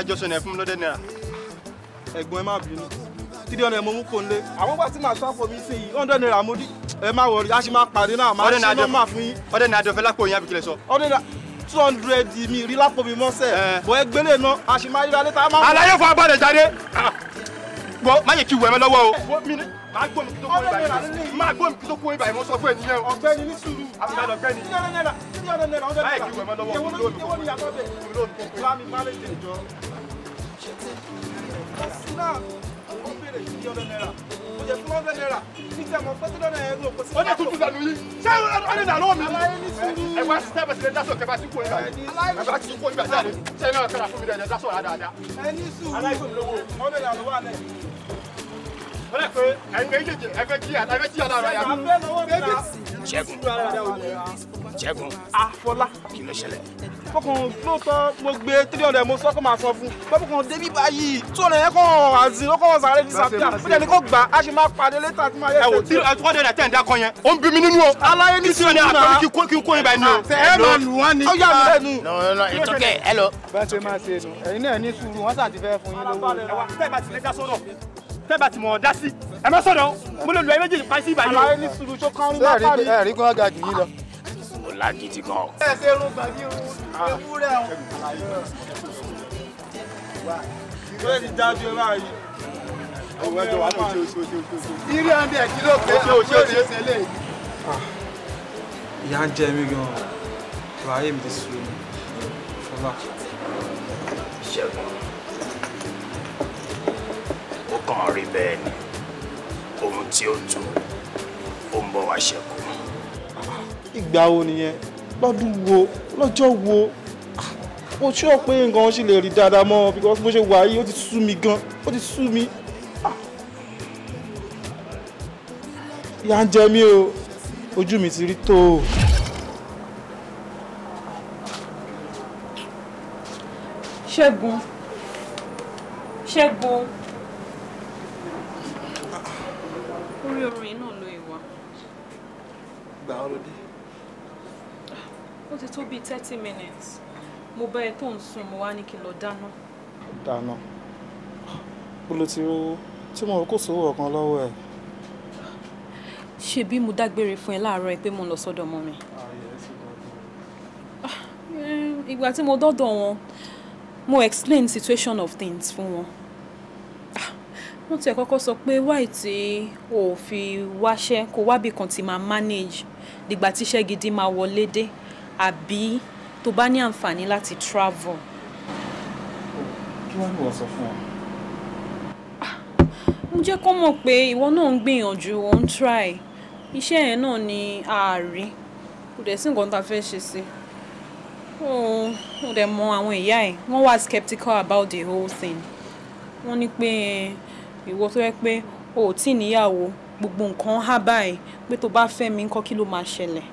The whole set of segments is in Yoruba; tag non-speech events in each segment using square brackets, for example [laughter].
alájọsọ yẹn fún mi lọ́dẹ náírà ẹ̀gbọ́n ẹ má bínú three hundred mo mú kó nlé àwọn bá ti máa sáfò mi sí yìí hundred naira mo ẹ má wọrí a sì máa pàdé náà máa ṣe nọ́mbà fún yín. ọdẹ ní adọfẹ lápò yín abikilẹ sọ. ọdẹ ní two hundred mi rí lápò mi mọ́sẹ̀ eh. bọ́ ẹ gbélé náà a sì yíra létà. àlàyé fún abọ́dẹ jáde bọ́ má yẹ kí wẹ̀ mẹ́ lọ́wọ́ o. Eh, máa gbọ́ mi kí tó mi kí tó kó ibà yìí mo sọ fún ènìyàn ọ̀sìn náà ó bèrè tí kò yíra yìí kẹfà tí kò yíra ṣé iná kẹra rẹ̀ dásọ̀ ní sùúrù ṣẹ́gun afọlá ah, kí fọkàn lóòótọ́ mo gbé three hundred mo sọ máa sọ fún bẹ́ẹ̀ fọkàn débi báyìí two hundred yẹn kàn àzìn ó kàn sàárẹ̀ ní sàbíà bẹ́ẹ̀ ni kò gbà á ṣe máa pàdé létà tí máa yẹ ẹsẹ̀ tí. ẹ wò tí ọdẹ tẹ̀ ń yẹn ó ń bí nínú o. aláyé ní sinmi náà àtọ́ni kí n kó yín bá inú o. ẹ máa lù wọ́n ní. ó yà mí lẹ́nu. no no it's hello. bẹ́ẹ̀ ṣe máa ṣe nù ẹ̀yin náà ní sùúrù wọ́n sà ó lágídí gan. ẹ ṣe irun gbàgbé ewúrẹ́ o. ìwé ti dájú ẹ báyìí. ọwọ́ ẹjọ́ wà ní oṣù oṣù oṣù oṣù. irí ọ̀ndì ẹ̀ ló pé oṣù oṣù oṣù lè. ìyá ń jẹ mí gan-an ibrahim ti sùn mí fọlá. ṣẹ́gun ó kàn rí bẹ́ẹ̀ ni ohun tí ó tu ó ń bọ̀ wá ṣẹ́gun ìgbà wo nìyẹn lọ́dún wo lọ́jọ́ wo ó ah, ṣọ́ pé nǹkan ṣe lè rí dáadáa mọ́ because bó ṣe wà yìí ó ti sú mi gan ó ti sú mi ah. ìyà ń jẹ mí o ojú mi ti rí tó o. ṣẹ́gun ṣẹ́gun. tó bíi 30 minutes mo bá ẹ tó ń sùn mo wá ní kí n lọ dáná. dáná bó ló ti rówó tí mo rò kó sówó ọ̀kan lọ́wọ́ ẹ̀. ṣebí mo dágbére fún ẹ láàárọ̀ ẹ pé mo lọ sọ́dọ̀ ọmọ mi. Ah, ah, eh, ìgbà tí mo dọ́dọ̀ wọn mo explain situation of things fún wọn wọ́n ah, tiẹ̀ kọ́kọ́ sọ pé Why tí o fi wáṣẹ́ kó wábì kan ti máa manage dìgbà tíṣẹ́ gidi máa wọlé dé àbí tó bá ní àǹfààní láti travel. kí wọ́n ní wọ́n sọ fún ọ. Ah, mo jẹ́ kó mọ̀ pé ìwọ náà ń gbìyànjú ò ń try iṣẹ́ yẹn náà ni ààrí kò dẹ̀ sí nǹkan tá a fẹ́ ṣe sí ó dẹ̀ mọ àwọn ìyá ẹ̀ wọ́n wà skeptical about the whole thing wọ́n ní pé ìwọ tó yẹ pé o ò tí ì níyàwó gbogbo nǹkan há báyìí pé tó bá fẹ́ mi ńkọ́ kí ló máa ṣẹlẹ̀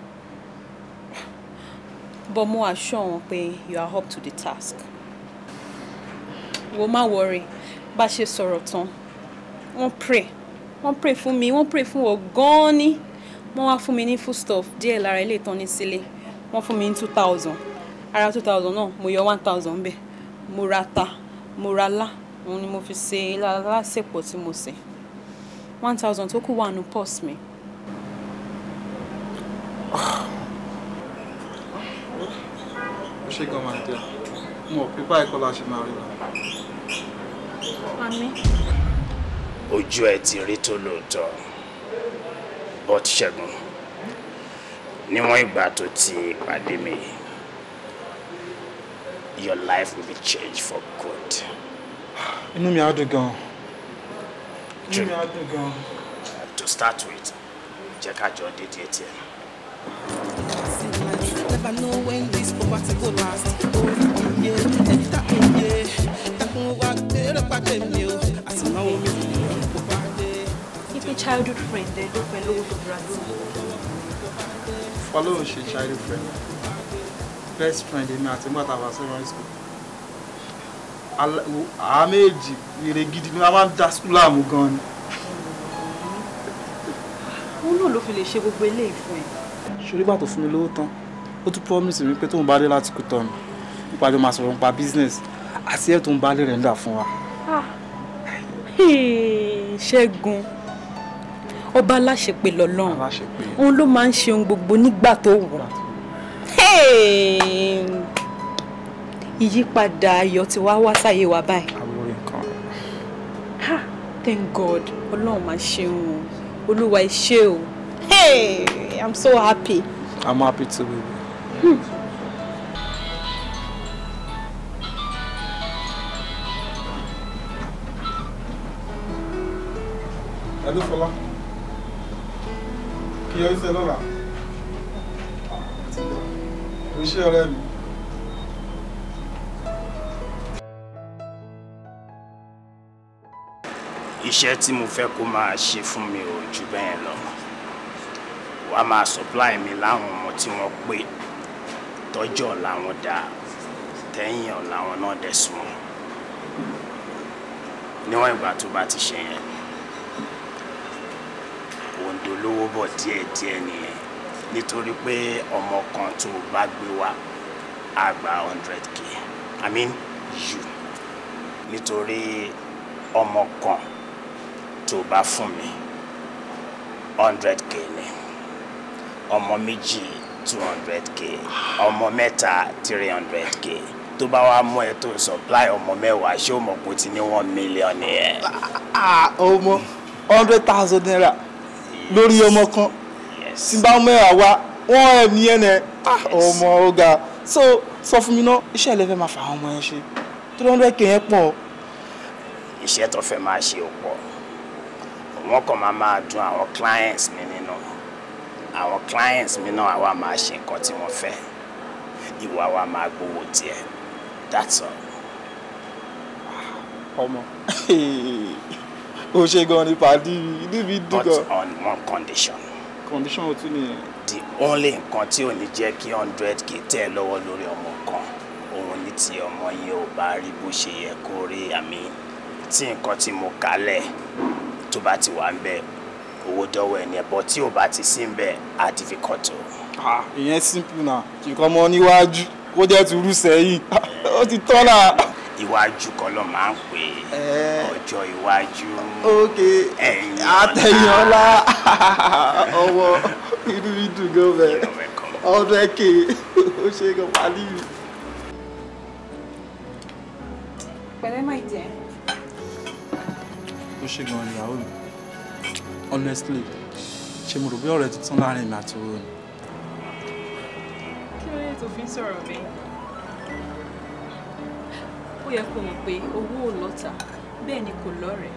but more assure wọn pé you are up to the task. Woman worry bá she sọ̀rọ̀ tán wọ́n pray wọ́n pray for me, wọ́n pray for wọn gan-an ni wọ́n wá full stuff. ní foodstuff díẹ̀ lára ilé ìtàn ní sílé wọ́n mi ní two thousand ara two thousand náà mo yọ one thousand bẹ́ẹ̀ mo ra ta mo ra lá la. ni mo fi mo sè one thousand tó kù wà nù pọ́s mi. ṣe gan máa dé mo ò pípa ẹ̀kọ́ la ṣe máa rí lọ. àmì. ti rí tó lóòótọ́ but ṣẹ́gun níwọ̀n ìgbà tó ti pàdé mi your life will be changed for good. inú mi á dùn gan. inú mi á dùn gan. to start with jẹ́ ká jọ dédé tiẹ̀ never know when this poverty go last. Orí iye childhood friend ẹ eh? ló pẹ̀lú owó tó bra lóru. childhood friend best friend èmi àti nígbà tá a bá secondary school àá méjì èrè gidi ni wọ́n máa ń da school láàmú gan ni. Òun náà ló fi lè ṣe gbogbo eléyìí fún ẹ. Ṣorí bàtò fún mi lówó ó tún promise mi pé tóun bá dé láti Kútọ̀nù nípa ló máa sọ̀rọ̀ nípa business àti ẹ̀ tóun bá lè rẹ̀ ń dà fún wa. Ah. Ṣẹ́gun ọba aláṣepé lọ́lọ́run òun ló máa ń ṣe ohun gbogbo nígbà tó wù ìyípadà ayọ̀ ti wá wá sáyé wa báyìí. ha thank god ọlọ́run máa ṣeun o olúwa ẹ o hey i'm so happy. i'm happy too baby. Hmm. Adéfọlá, kí yọ ìṣẹ́ lọ́la. Iṣẹ́ ọ̀rẹ́ mi. Iṣẹ́ tí mo fẹ́ kó máa ṣe fún mi ò jù bẹ́ẹ̀ lọ. Wàá máa supply mi láwọn ọmọ tí wọ́n pè tọ́jọ́ làwọn dà tẹ́yìn làwọn náà dẹ̀sùn wọn níwọ̀n ìgbà tó bá ti ṣe yẹn òǹdó lówó bọ̀ díẹ̀díẹ̀ nìyẹn nítorí pé ọmọ kan tó bá gbé wa á gba hundred k i mean you nítorí ọmọ kan tó bá fún mi hundred k ni ọmọ méjì yìí two hundred k ọmọ mẹ́ta three k tó bá wàá mú ẹ tó supply ọmọ mẹ́wàá ṣé o mọ̀ pé o ti ní one million nìyẹn. Ah, ah, ọmọ hundred thousand naira lórí ọmọ kan tí bá mẹ́wàá wá wọ́n ẹ̀ ní ẹ̀ nẹ́ ah, ọmọ ọ̀gá so sọ fún mi ná iṣẹ́ ilẹ̀ fẹ́ máa fà ọmọ yẹn ṣe three hundred k yẹn pọ̀. iṣẹ́ tó fẹ́ máa ṣe ò pọ̀ wọ́n kàn máa máa dun àwọn clients mi ní àwọn clients mi náà àwa máa ṣe nǹkan tí wọ́n fẹ́ ìwà wa máa gbowó tiẹ̀ that's all. Ah, ọmọ [laughs] o ṣe gan ni pàdé níbi dùn gan. but on one condition. condition o tún nìyẹn. the only nǹkan tí ò ní jẹ́ kí hundred k tẹ̀ lọ́wọ́ lórí ọmọ kan òun ní tí ọmọ yẹn ò bá rí bó ṣe yẹ kó rí àmì tí nǹkan tí mo kalẹ̀ tó bá ti wà ń bẹ́ẹ̀ owó dọ́wọ́ ẹni ẹ̀ bọ́ tí ò bá ti sí ń bẹ́ẹ̀ á di fi kàn tó. ìyẹn simple na kìkan mọ níwájú kó jẹ́ ti rú sẹ́yìn [laughs] ó ti tọ́ náà. iwájú kan ló máa ń pè é ọjọ́ iwájú ẹ̀yìn ọ̀la àtẹ̀yìn ọ̀la [laughs] ọwọ́ inú mi dùn gan bẹ́ẹ̀ ọdún ẹ̀kẹ́ [laughs] ó ṣe gan pálí. pẹ̀lẹ́ máa jẹ́. ó ṣe gan ìyàwó mi honestly she mo be already ọ̀rẹ́ tuntun láàrin mi àti owó ni. kí ló dé tó fi ń sọ̀rọ̀ mi? ó yẹ kó mọ̀ pé owó ò lọ́tà bẹ́ẹ̀ ni kò lọ́rẹ̀ẹ́.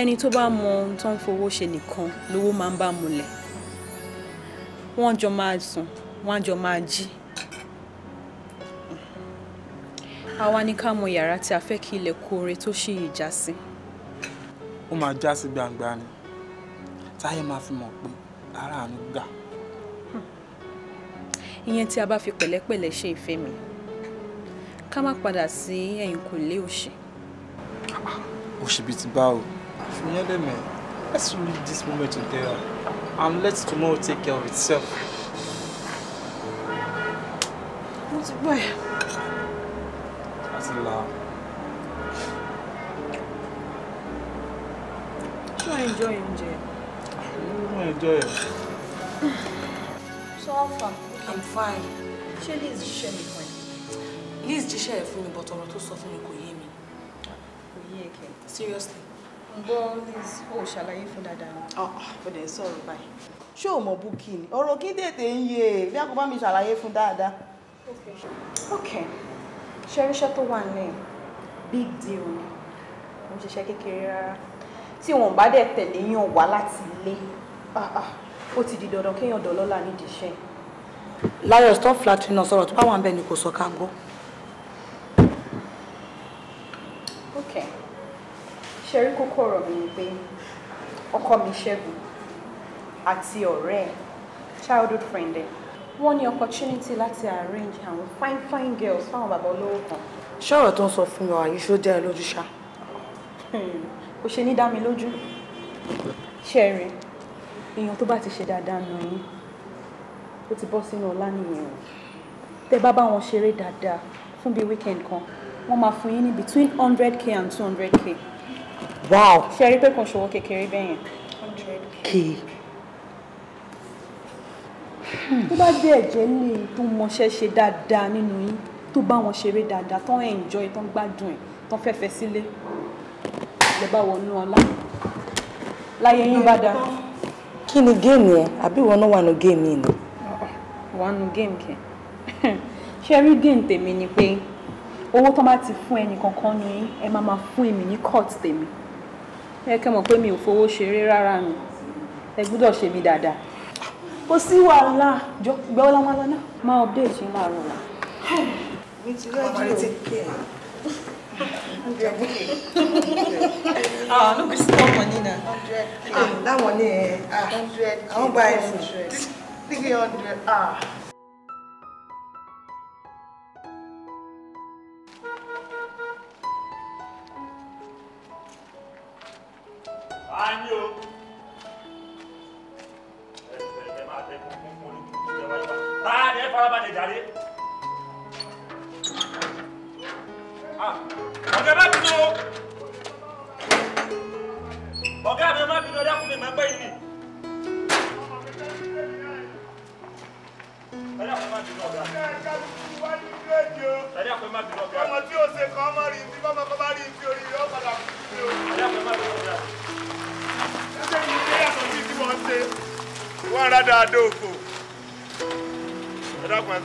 ẹni tó bá mọ ohun tó ń fowó ṣe nìkan lówó máa ń bá múlẹ̀ wọ́n jọ máa sùn wọ́n a fẹ́ kí ilẹ̀ kóore tó ṣì yìí já sí táyé máa fi mọ̀ pé ara àánú gbà. ìyẹn tí a bá fi pẹ̀lẹ́pẹ̀lẹ́ ṣe ìfẹ́ mi ká má padà sí ẹ̀yìn kò lé òṣì. òṣì bíi ti bá o ìyẹn lẹ́mẹ̀ let's leave this moment together and let tomorrow take care of itself. mo ti gbọ́ ẹ̀. láti la. ṣé enjoy enjoy it. So how I'm fine. Ṣé Liz jíṣẹ́ mi fún ẹ? Liz jíṣẹ́ ẹ̀ fún mi but ọ̀rọ̀ tó sọ fún mi kò yé mi. Kò yé ẹ kẹ. Seriously. Ǹgbọ́ Liz, o ṣàlàyé fún dáadáa. Ọ̀ ah, ah, dẹ̀ sọ̀rọ̀ báyìí. Ṣé o mọ̀ Bukky ni? Ọ̀rọ̀ kí tètè ń yé e bí a kò bá mi ṣàlàyé fún dáadáa. Ok. Ṣé irinṣẹ́ tó wà nílẹ̀ big deal ni? Mo ṣiṣẹ́ kékeré rárá. Tí wọn you. dẹ̀ tẹ̀lé yàn wá láti ilé. Ah, ah. ó ti di dandan kéèyàn dọ̀lọ́lá nídìí iṣẹ́. láyọ̀ stop flattery náà sọ̀rọ̀ tó bá wà ń bẹ̀ ni kò sọ ká gbọ́. ok ṣe rí kókó ọ̀rọ̀ mi ni pé ọkọ mi ṣẹ́gun àti ọ̀rẹ́ childhood friend ẹ̀ wọ́n ní opportunity láti arrange àwọn fine fine girls fáwọn bàbá olówó kan. ṣé ọ̀rọ̀ tó ń sọ fún wa yìí ṣó dá ẹ lójú ṣá. Hmm. kò ṣe ní dá mi lójú ṣe èèyàn tó bá ti ṣe dáadáa nà yín ó ti bọ́ sínú ọlá nìyẹn o tẹ bá bá wọn ṣeré dáadáa fún bíi weekend kan wọ́n máa fún yín ní between hundred k and two hundred k. wow ṣe rí pé kò ṣòwò kékeré bẹ́ẹ̀ yẹn. hundred k. tó bá dé ẹ̀jẹ̀ lè e, tó mọṣẹ́ ṣe dáadáa nínú yín tó bá wọn ṣeré dáadáa tán enjoy tán gbádùn ẹ̀ tán fẹ́fẹ́ sílé lè bá wọnú ọlá láyé yín bá dáa. kí game géèmù abi àbí ìwọ náà wà nù ni. wà nù géèmù kẹ ni pe owó tó bá ti fun eni kankan ni ẹ ma ma fún èmi ní court temi ẹ kẹ́ mọ̀ pé mi ò fowó mi ẹ gbúdọ̀ ṣe mi dáadáa. kò sí wàhálà jọ ìgbà wo la máa ma náà. máa update yín la. mi ti ah no go stop money na. ah that one eh ah i wan buy it three hundred ah. Tá, né? Fala pra ele, ọ̀gá má bínú o ọ̀gá mi má bínú ọ̀dàkùn mi má gbẹ́ yìí ni ọ̀dàkùn má bínú ọ̀gá ọ̀dàkùn má bínú ọ̀gá ọmọ tí o ṣe kọ́ ọmọ rí ibi bọ́mọ kọ́ bá rí ibi orí rẹ̀ ó padà kú sí o ọ̀dàkùn má bínú ọ̀gá ṣíṣe yìí ní yàtọ̀ sí kí wọ́n ṣe wọ́n rádà àdóòfò ọ̀dàkùn ẹ̀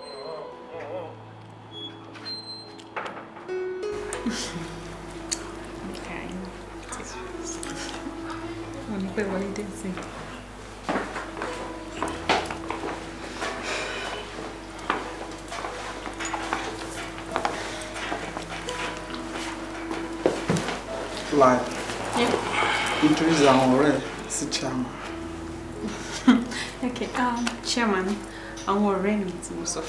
mo ní pẹ́ wọlé dé sí i. Yeah. Introduce àwọn ọ̀rẹ́ sí chairman. [laughs] okay, um, chairman, our ọ̀rẹ́ mi tí mo sọ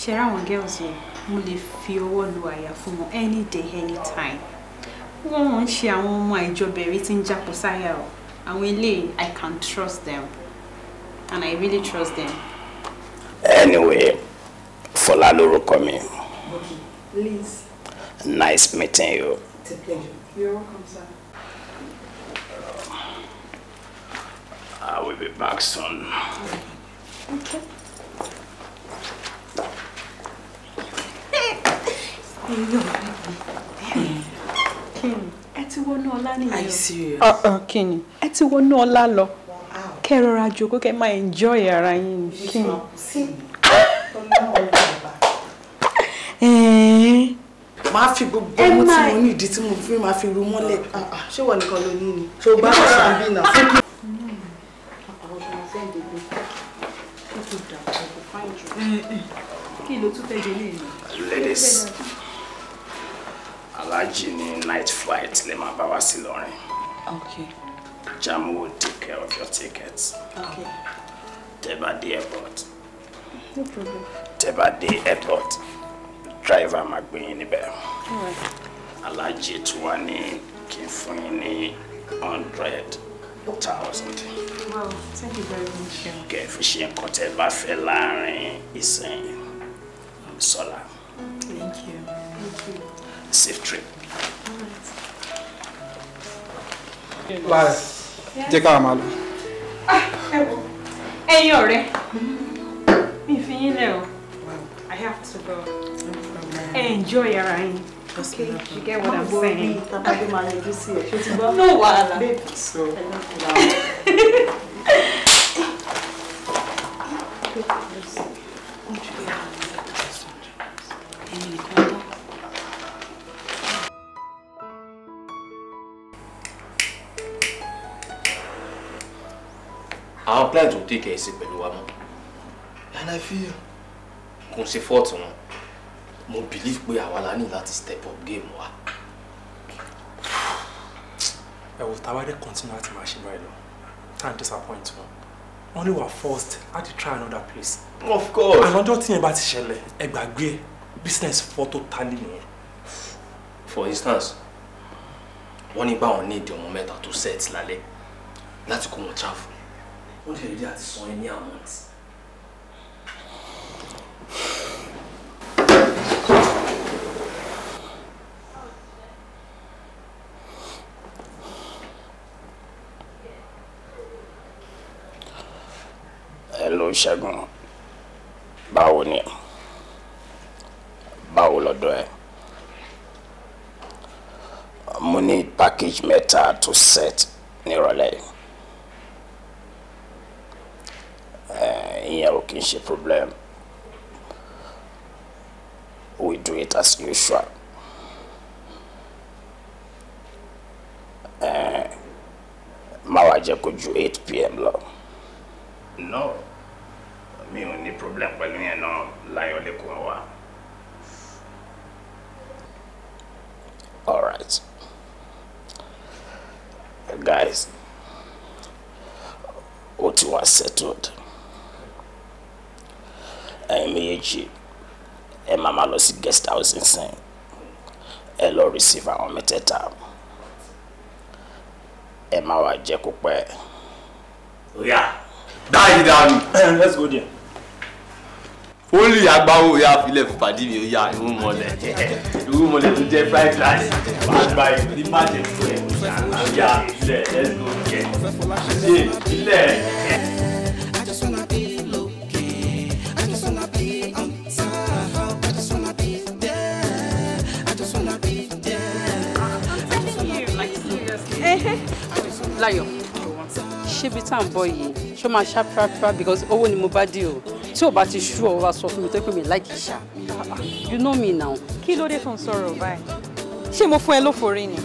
ṣe ráwọn girls yẹn mo lè fi ọwọ́ lu àyà any day any time wọ́n she ń my job ọmọ àìjọbẹ̀rẹ̀ tí ń jápọ̀ sáyà i can trust them and i really trust them. anyway Fọlá lórúkọ mi. okay Liz. nice meeting you. it's a pleasure. you're welcome sir. I will be back soon. Okay. èèyàn bẹ́ẹ̀ ni kí ni ẹ ti wọnú ọlá nìyẹn. are you serious. Uh-uh, kí ni ẹ ti wọnú ọlá lọ kẹ rọra jókòó kẹ máa enjoy ara yín ni kí ni. máa fi gbogbo ohun tí mo ní ìdí tí mo fi máa fi ru mọ́lẹ̀ ah, ah. ṣé wọ́n nìkan ló ní ni. tó bá wà sábì náà. Kí ló tún fẹ́ jẹ ní ìlú? aláàjì ní night flight le máa bá wá sí lọ́rin. okay. Jam will take care of your tickets. Okay. Teba the airport. No problem. Teba the airport. Driver máa gbé yín níbẹ̀. Alright. Aláàjì tí wà ní kí n fún yín ní hundred thousand. Wow, thank you very much. Kẹ̀ fi ṣe nǹkan tẹ́ bá fẹ́ láàrin Thank you. Thank you safe trip. láì jẹ́ ká máa lọ. Ah, ẹ̀yin ọ̀rẹ́ mi fi yín lẹ̀ o I have to go enjoy ara yín. Okay, you get what I'm saying. no wahala. So, [laughs] àwọn client ò take ẹ̀sìn pẹ̀lú wa and I feel kò ṣe fault wọn mo believe pé àwa la ní step up game wa. ẹ wò tá a continue láti máa ṣe báyìí lọ time disappoint wọn Only we are forced I to try another place. of course. àná ọjọ́ tí yẹn bá ti ṣẹlẹ̀ ẹ business fọ́ tó tálí for instance wọ́n ní báwọn ní ìdí ọmọ mẹ́ta tó set lálẹ́ That's kó wọn travel ó dẹ̀ rí àti san ẹni amount. Hello Ṣẹ́gun báwo ni báwo lọ́dọ̀ ẹ mo ní package mẹ́ta to set nírọ̀lẹ́ yìí. ìyẹn ò problem we do it as usual. Uh, máa wá 8 pm lọ. no mi ò ní problem pẹ̀lú yẹn náà láyọ̀ lẹ́kọ̀ọ́ wa. all right guys ó ti wá settled ẹ̀yin méjèèjì ẹ máa máa lọ sí guest house nsìn ẹ lọ receive àwọn mẹ́tẹ̀ẹ̀ta ẹ má wàá jẹ́ kó pẹ́. oya dáì dànù. let's go there. only agbáwo ya filẹ̀ fún pàdé mi oya ìwú mọ̀lẹ̀ ìwú mọ̀lẹ̀ tó jẹ́ fried rice wàá gba ìwé ní bàjẹ́ ẹ̀ oya ilẹ̀ let's go there. ṣe ilẹ̀. [laughs] Láyọ̀ ṣébi tá à ń bọ̀ yìí ṣó máa ṣá pàápàá because owó ni mo bá dé o tí ò bá ti ṣú ọ wá sọ fún mi tó pè mí láìkì ṣá you know me now. kí ló dé tó ń sọ̀rọ̀ báyìí ṣé mo fún ẹ lóforí ni.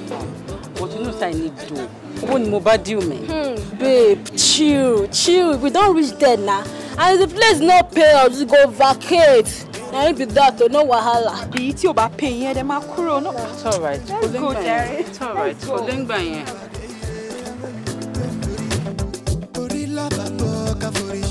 but you know say I need dough owó ni mo bá dé o mẹ. Hmm, babe chill chill we don reach there na and the place no pay us we go vacate na it be that o no wahala. àbí tí o bá pay yẹn ẹ dẹ máa kúrò náà. it's alright kò lè gbà yẹn it's alright kò lè gbà yẹn.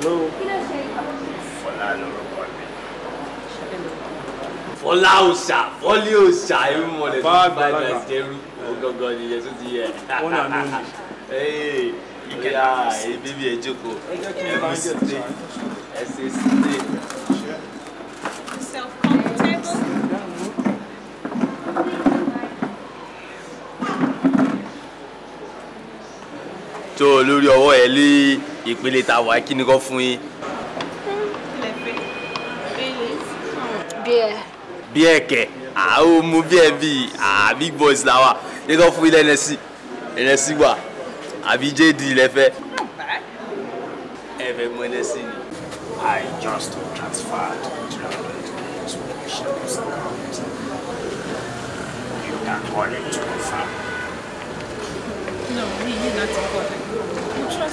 Hello. Fọlá lorúkọ mi. Fọlá òṣà, fọ́lí òṣà, ẹ̀rú mọ̀lẹ́ tó bá bá ẹ̀rú ọgọ́gọ́ ni yẹ tó ti yẹ. Wọ́n náà ló ní. Ìyá bíbí ẹ jókòó. Ẹ jẹ́ kí n bá ń jẹ́ tó ṣáájú. Ẹ ṣe sílé. so lórí ọwọ́ ẹ lé ìpele tá wà kí ni kò fún yín. bíẹ̀. bíẹ̀ kẹ̀ àwọn ọmọ bíẹ̀ bíi big boys la wa ní kò fún yín lẹ́nẹ̀sì lẹ́nẹ̀sì wà àbí jd lẹ́fẹ́. ẹ fẹ́ mú lẹ́nẹ̀sì ni. I just transferred three hundred to my shop's account. You can worry to confirm. No, we need not to call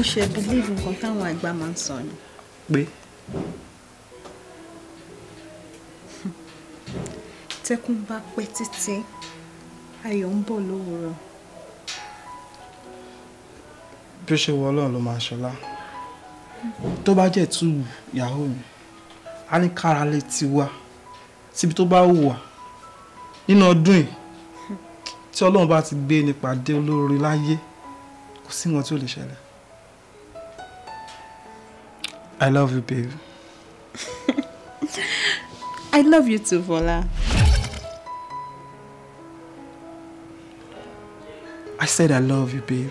mo ṣe believe nǹkan táwọn àgbà máa ń sọ ni. pé. tẹkùn bá pẹ́ títí ayọ̀ ń bọ̀ lówùúrọ̀. bí ó ṣe wọ ọlọ́run ló máa ṣọlá tó bá jẹ́ tú ìyàwó mi a ní kára lè ti wá síbi tó bá wù wá nínú ọdún yìí tí ọlọ́run bá ti gbé nípa dé olóore láyé kò sí wọn tí ó lè ṣẹlẹ̀. I love you, babe. [laughs] I love you too, Vola. I said I love you, babe.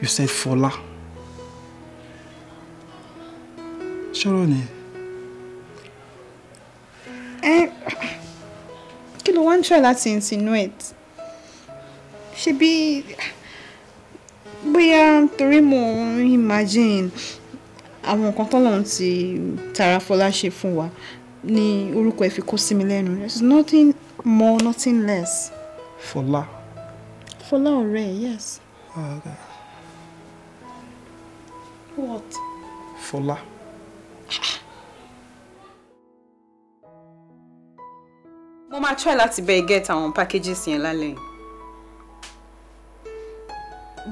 You said Fola. Ṣọ́rọ̀ Eh, kí ló wá ń try láti She be, bóyá torí three more. imagine àwọn nǹkan tọ́lọ́run ti Tara Fọlá ṣe fún wa ní orúkọ ẹ̀ fi kó sí mi lẹ́nu there's nothing more nothing less. Fọlá. Fọlá ọ̀rẹ́ yes. Ah, okay. What? Fọlá. mo máa try láti bẹ́ẹ̀ get àwọn packages yẹn lálẹ́ yìí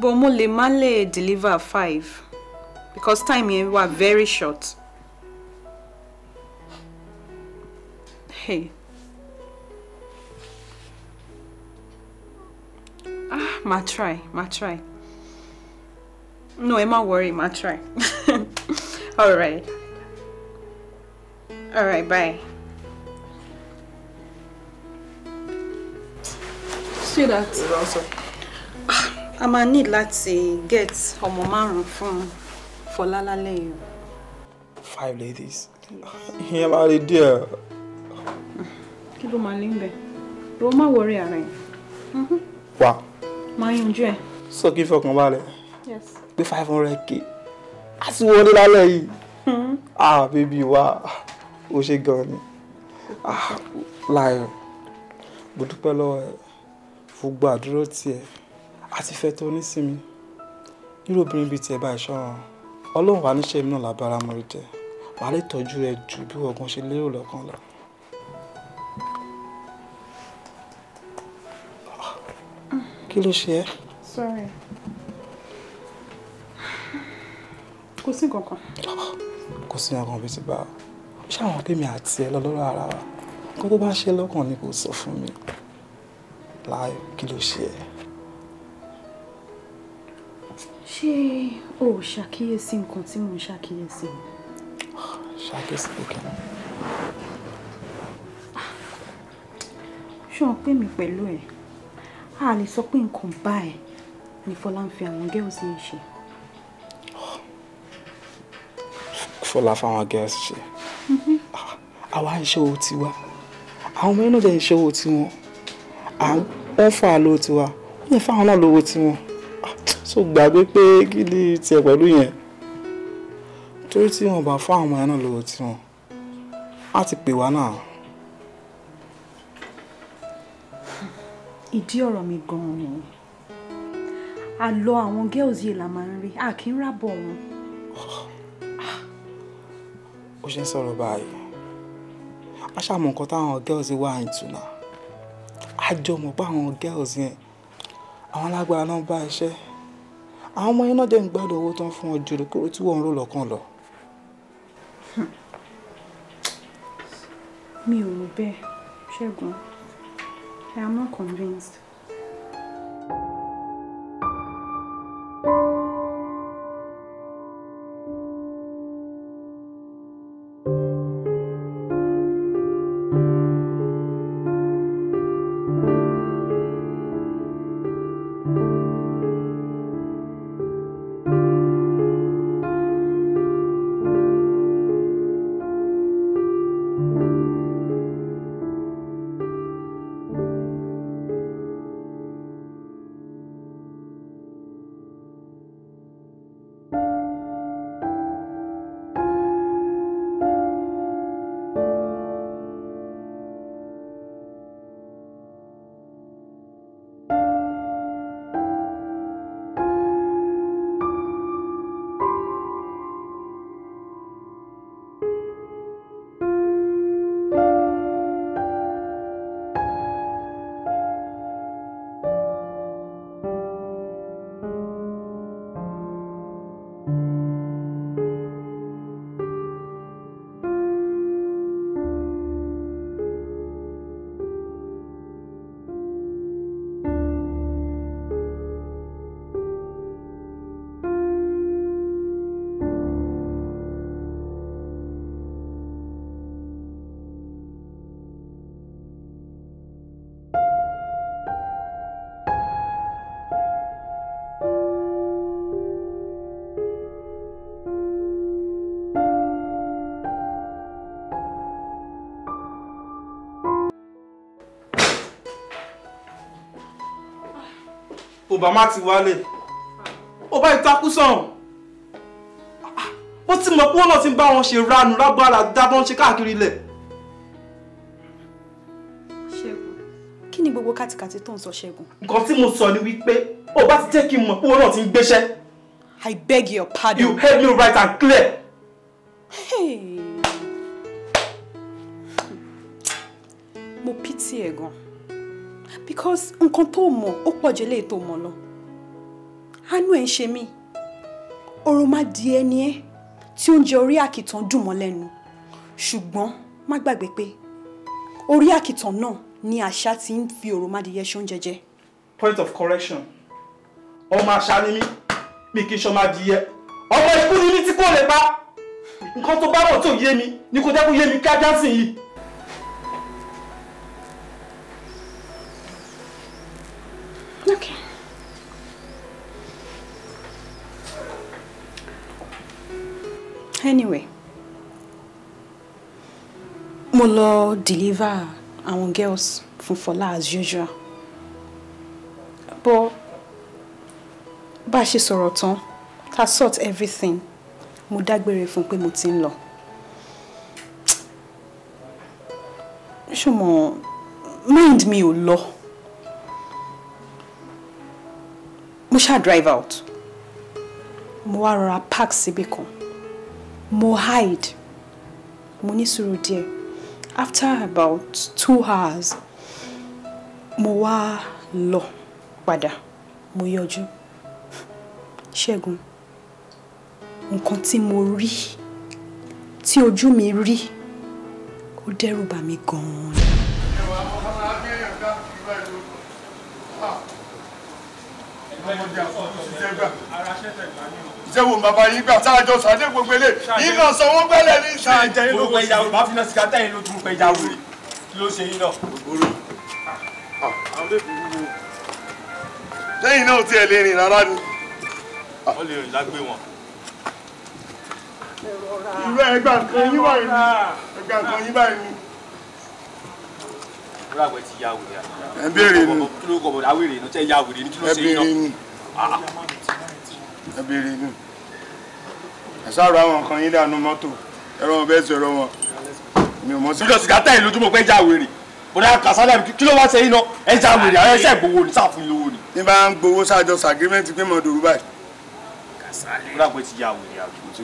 but mo lè má lè deliver five. because time here are very short. Hey. Ah, ma try, ma try. No, am not worry, ma try. [laughs] All right. All right, bye. See that? I'm ah, gonna need láti get ọmọ márùn-ún fún un Fọlá lálẹ́ yìí. Five ladies. Ìyẹn máa rí díẹ̀. Kí ló máa lé ń bẹ̀? Ro má wọrí ara yẹn. Mhm. Wà. Máa yanjú ẹ̀. Sọ kí Yes. Pé five hundred k. A ti wọlé lálẹ́ yìí. Mhm. Ah baby wa, o ṣe gan ni. Ah láyọ̀, mo dúpẹ́ lọ́wọ́ ẹ̀. Gbogbo àdúró tiẹ̀ àti fẹ́ tó nísìmí. Irú obìnrin bíi tiẹ̀ bá ìṣọ́ wọn ọlọ́run wà níṣẹ́ mi náà lábára mo rí jẹ wàá lè tọ́jú ẹ ju bí ọgbọ́n ṣe lérò lọ́kàn lọ. kí ló ṣe ẹ́. sorry kò sí nǹkan kan. kò sí nǹkan bí ti bá a ṣé àwọn tèmi àti ẹ lọ́lọ́rọ̀ ara wa kó tó bá ṣe lọ́kàn ni kò sọ fún mi láì kí ló ṣe ẹ́ ṣé o ò ṣàkíyèsí nǹkan tí mò ń ṣàkíyèsí? ṣàkíyèsí òkè náà. ṣùgbọ́n pé mi pẹ̀lú ẹ̀ a lè sọ pé nǹkan báyìí ni Fọlá ń fi àwọn girls yìí ṣe. Fọlá fáwọn girls ṣe mm-hmm. ah, àwa ń ṣe owó tiwa àwọn ọmọ inú dẹ̀ ń ṣe owó tiwọn wọ́n fún wa lówó tiwa wọ́n dẹ̀ fáwọn náà lówó tiwọn so gbàgbé pé kí ni tiẹ̀ pẹ̀lú yẹn torí tí wọn bá fún àwọn ọmọ yẹn náà lọ́wọ́ tí wọn á ti pè wá náà. ìdí ọ̀rọ̀ mi gan-an ni àlọ́ àwọn girls yìí la máa ń rí a kì í rábọ̀ wọn. ó ṣe ń sọ̀rọ̀ báyìí a ṣàmọ̀ nǹkan táwọn girls wà ń tuna a jọ mọ̀ pé àwọn girls yẹn àwọn alágbára náà bá iṣẹ́ àwọn ọmọ iná dẹ̀ ń gbádùn owó tán fún ọjọ́ ìrìkúrò tí wọ́n ń rò lọ́kàn lọ. Hmm. mi ò rò bẹ́ẹ̀ ṣẹ́gun I am not convinced. bá má ti wálé ó bá ìtakú sọ̀hún bó ti mọ̀ pé wọ́n náà ti ń bá wọn ṣe ránu lágbára dábọ́n ṣe káàkiri ilẹ̀. ṣẹ́gun kí ni gbogbo kàtìkàtì tó ń sọ ṣẹ́gun. nǹkan tí mo sọ ni wípé ó bá ti jẹ́ kí n mọ̀ pé wọ́n náà ti ń gbéṣẹ́. I beg your pardon. You heard me right and clear. because nǹkan tó mọ̀ ó pọ̀ jù eléyìí tó mọ̀ lọ àánú ẹ̀ ń ṣe mí ọ̀rọ̀ má di ẹni ẹ́ tí oúnjẹ orí àkìtàn dùn mọ́ lẹ́nu ṣùgbọ́n má gbàgbé pé orí àkìtàn náà ni àṣà ti ń fi ọ̀rọ̀ má di yẹ ṣe oúnjẹ jẹ. point of correction ọmọ àṣà ni mí mi kì í ṣọmọ adìyẹ ọmọ ikú ni mí tí kò lè pa nǹkan tó bá wọ̀ tó yé mi ni kò jẹ́ kó yé mi kí ajá yìí. mo lọ deliver àwọn girls fún Fọlá as usual but bá a ṣe sọ̀rọ̀ tán ta sort everything mo dágbére fún pé mo ti ń lọ. ṣùgbọ́n mind mi ò lọ mo ṣáà drive out mo wá rọra park síbì kan mo hide mo ní sùúrù díẹ̀ after about two hours mo wá lọ padà mo yọjú ṣẹ́gun nǹkan tí mo rí tí ojú mi rí ó dẹ́rù bà mí gan Ara ṣẹ́fẹ̀ gbà ní ṣé wo bàbá yìí gbà sáájọ sàdé gbogbo ilé yìí náà sanwó gbẹ́lẹ̀ ní ìsìn. sáájẹ yìí ló pẹ ìyàwó bá fi náà sìkà tẹ́yìn ló tún pẹ ìyàwó rẹ̀ kí ló ṣe yín náà. Ah, lẹ́yìn náà tiẹ̀ lè rìn rárá ni. Ah. wọ́n lè rìn lágbé wọn. ìlú ẹgbà kan yín báyìí ni ẹgbà kan yín báyìí ni. ìrọ̀lẹ́ ti yá wèrè. ẹ béèrè ni. kí ló kọ̀ bọ̀dọ̀ awèrè ni tẹ́ ni kí ló ṣe yín náà. ẹ béèrè ni. Ah, ẹ béèrè nù ẹ sáàrò àwọn nǹkan yín dànù mọ́tò ẹ̀rọ wọn bẹ́ẹ̀ sọ̀rọ̀ wọn mi ò mọ̀ sí. bíkọ́sì ká táyì lójúmọ̀ pé já wèrè bóyá kàsálà kí ló wá sẹ́yìn náà ẹ já wèrè àwọn ẹṣẹ́ ìgbowó ni sáà fún ìlówó ni. ní bá ń gbowó sáàjọ sàgírímẹ́ǹtì pé mọ̀ dòrú báyìí. kàsálẹ̀ bóyá pé ti já wèrè àwọn ti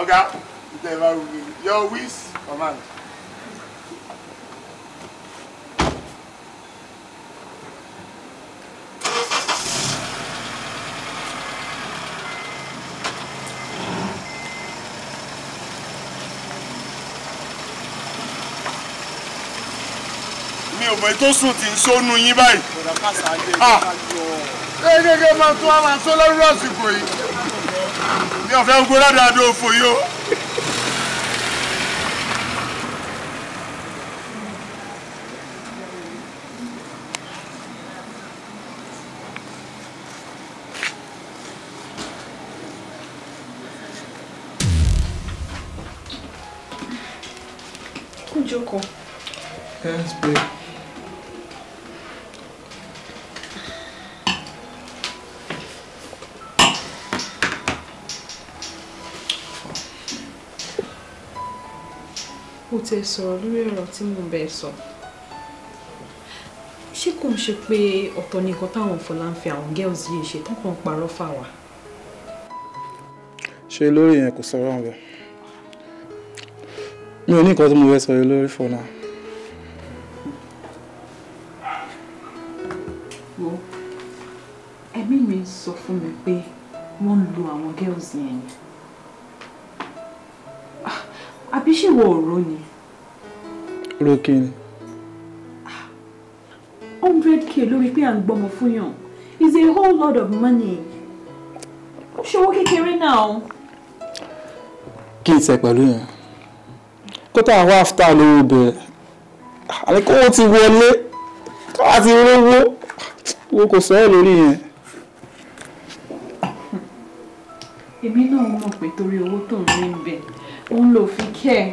ọ̀gá ìtẹ̀wá wùmí your wish command. ọmọ tó sùn ti ń sónú yín báyìí. gẹ́gẹ́ ah! máa tó àwọn aṣọ lọ́rùn àsìkò yìí mi ò fẹ́ gbó ládàádó òfò yìí o. Joko. Yes, babe. tẹ sọ̀rọ̀ lórí ọ̀rọ̀ tí mo bẹ̀ sọ ṣé kò ń ṣe pé ọ̀tọ̀ ni nǹkan táwọn fọlá ń fi àwọn girls yìí ṣe tán kàn ń parọ́ fà wá. ṣe lórí yẹn kò sọ̀rọ̀ ọ̀rọ̀ mi ò ní nǹkan tí mo fẹ́ sọ lórí fọ́nà. lókè ni. hundred k lórí pé à ń gbọ́mọ fún yàn is a whole lot of money ó ṣòwò kékeré náà. kí n tẹ pẹ̀lú yẹn kó tá à wá áfítà lówó bẹ̀rẹ̀ àní kó wọ́n ti wọlé tó wá ti rówó wo kò sọ ẹ́ lórí yẹn. èmi náà mọ̀ pé torí owó tó ń rí ń bẹ̀ òun ló fi kẹ́ ẹ̀.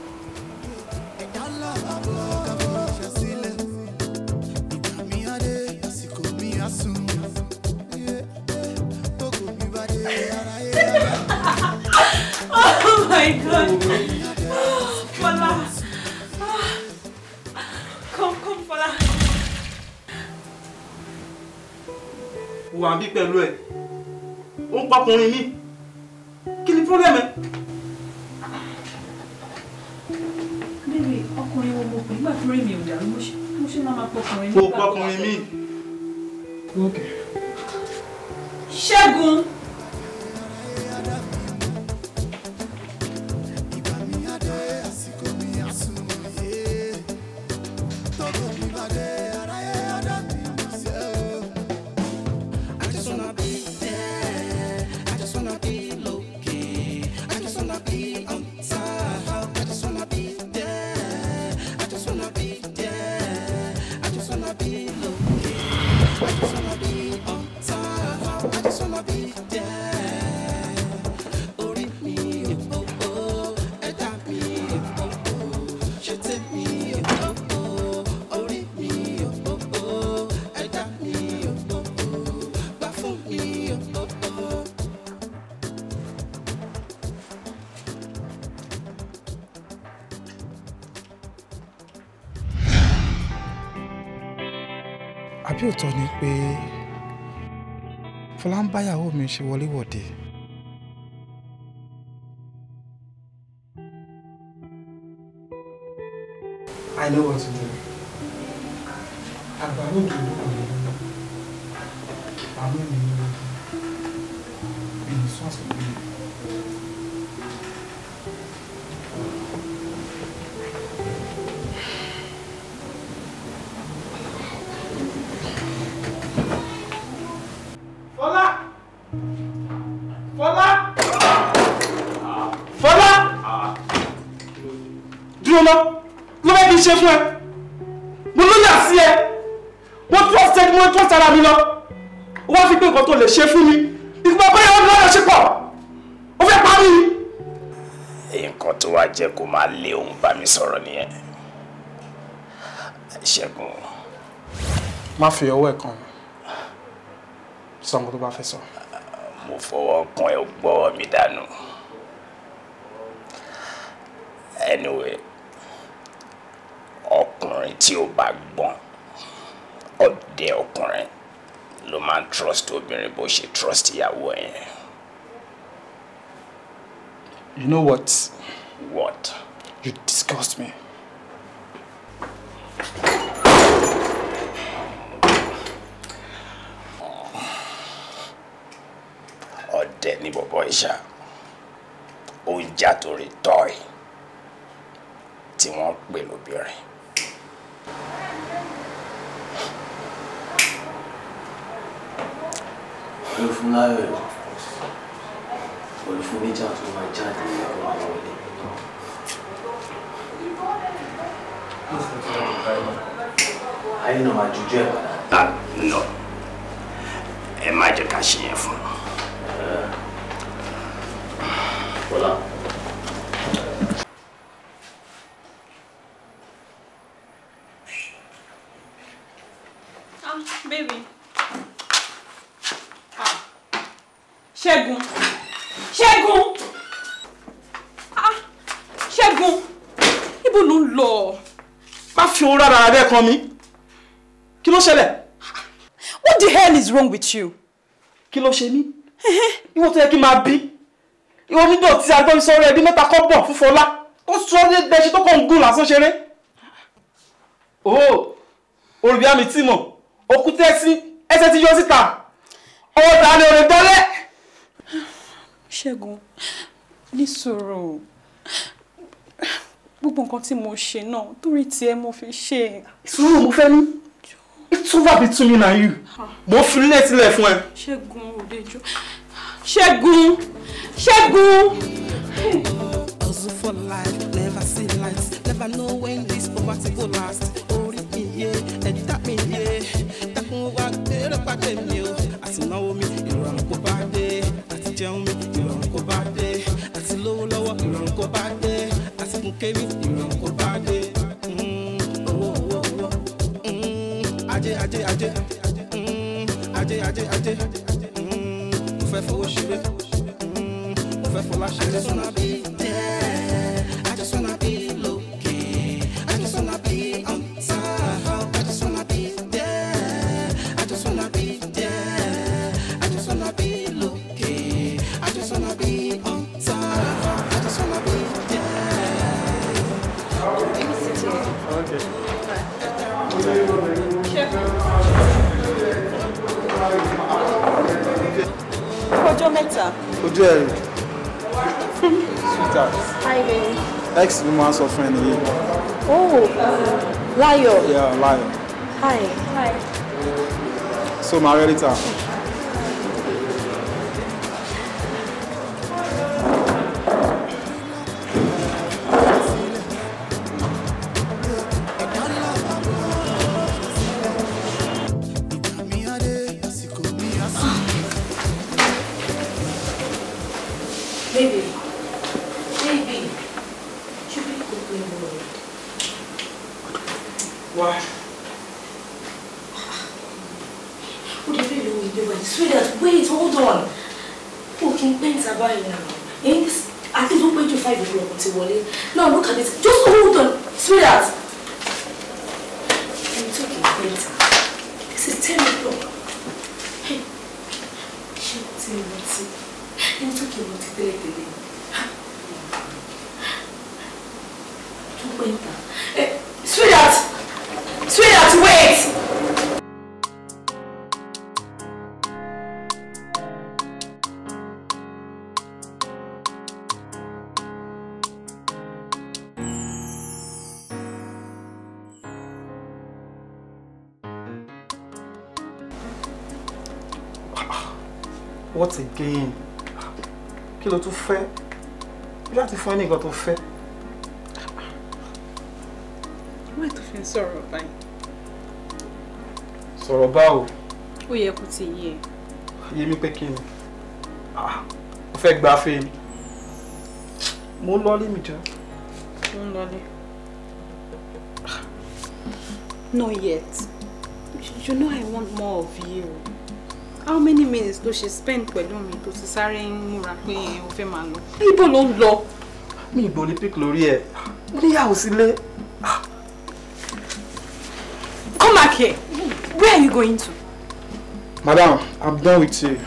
Oh my God. Fola. Oh, come, come, Fola. Wà bí pẹ̀lú ẹ̀. Ó ń pakùnrin mi. Kí ni problem ẹ? Bébì, ọkùnrin wo mo pè nígbà tó rí mi ò dàrú. Mo ṣe máa ma pọkùnrin mi. Kò pọkùnrin ṣebí òótọ́ ni pé Fọlá mi ṣe wọléwọ̀de. I know what to do. Àgbàdo dòdò kò lè lọ. Àmì mi ni mo bí. Mi ní sọ́ọ̀sì mi. lè ṣe fún mi ìgbà pé ìwọ lọ́dọ̀ ṣe pọ̀ ó fẹ́ parí. nǹkan tó wá jẹ́ kó máa lé òun bá mi sọ̀rọ̀ nìyẹn ṣẹ́gun. má fi ọwọ́ ẹ̀ kan sọ nǹkan tó bá fẹ́ sọ. mo fọwọ́ kan ẹ gbọ́ mi dànù. anyway ọkùnrin tí ó bá gbọ́n ọdẹ ọkùnrin ló máa ń trust obìnrin bó ṣe trust ìyàwó ẹ̀ You know what? What? You disgust me. ọdẹ ni bọ̀bọ̀ ìṣá ó ń jà torí tọ́ì tí wọ́n pè lóbìnrin. ló fún láyọ̀ lọ kò fún níjà tó máa jáde kó máa wọlé. ayé náà máa jújú ẹ̀ padà. Ah, kan mi kí ló what the hell is wrong with you. kí ló You want to tó yẹ kí n máa bí ìwọ onídọ̀tí agbẹnusọ̀rọ̀ ẹbí mẹ́ta kọ́ bọ̀ fún Fọlá ó sọ ọ́ dé ṣe tó kàn ń gùn lásán ṣeré. Oh, olùbíà mi ti mọ̀ òkúta ẹsẹ̀ ti yọ síta Oh, darling, ni orin tọ́lẹ̀. Ṣẹ́gun ní sùúrù gbogbo nǹkan tí mo ṣe náà torí tiẹ̀ mo fi ṣe. sùúrù mo fẹ́ ní it's over between me and you mo fi nílẹ̀ sílẹ̀ fún ẹ. ṣẹ́gun òdejo ṣẹ́gun ṣẹ́gun. for life never see light never know when this poverty last orí mi yé ẹ̀dá mi yé ẹkún o àti mi ìrọ̀rùn kó bá dé àti jẹun mi ìrọ̀rùn kó bá dé àti lówó lọ́wọ́ ìrọ̀rùn kó bá dé ń kéwì ìrìn kò bá dé. Mm, ajé ajé ajé mm, ajé ajé ajé mm, mo fẹ́ fowó ṣeré mo fẹ́ fọlá ṣeré. mẹ́ta. ojú ẹ̀rì. sweetheart. hi baby. ex ló máa sọ fún ẹni yìí. oh Láyọ̀. yeah Láyọ̀. hi. hi. so màá rẹ́ not again kí ló tún fẹ́ bí láti fún ẹ ní nǹkan tó fẹ́. wọ́n ètò fi ń sọ̀rọ̀ báyìí. sọ̀rọ̀ báwo. ó yẹ kó ti yé e. yé mi pé kí ni ah, mo fẹ́ gba afẹ́ mi mo ń lọlé mi jọ. mo ń lọlé. not yet you know I want more of you how many minutes do she spend pẹ̀lú mi tó ti sáré ń múra pé o fẹ́ máa lọ. ibo ló ń lọ. mi ìbò olympic lórí ẹ níyàwó sílé. come back here where are you going to. madam i'm done with you.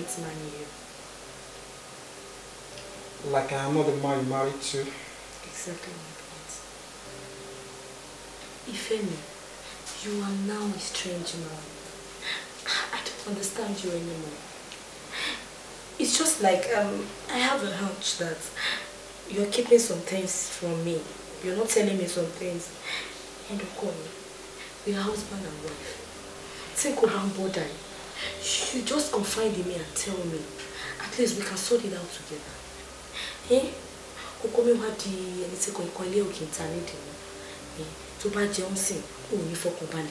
straight man you? Like I am not the man you married to. Exactly my point. Ifemi, you are now a strange man. I don't understand you anymore. It's just like um, I have a hunch that you're keeping some things from me. You're not telling me some things. And of course, we are husband and wife. Think about body. You just confide in me and tell me. At least we can sort it out together. Eh? Kókó mi wá di ẹni tí kọ̀ọ̀kan ilé òkè ta nídìí to buy bá jẹun sìn, kò ní fọkànbalẹ̀.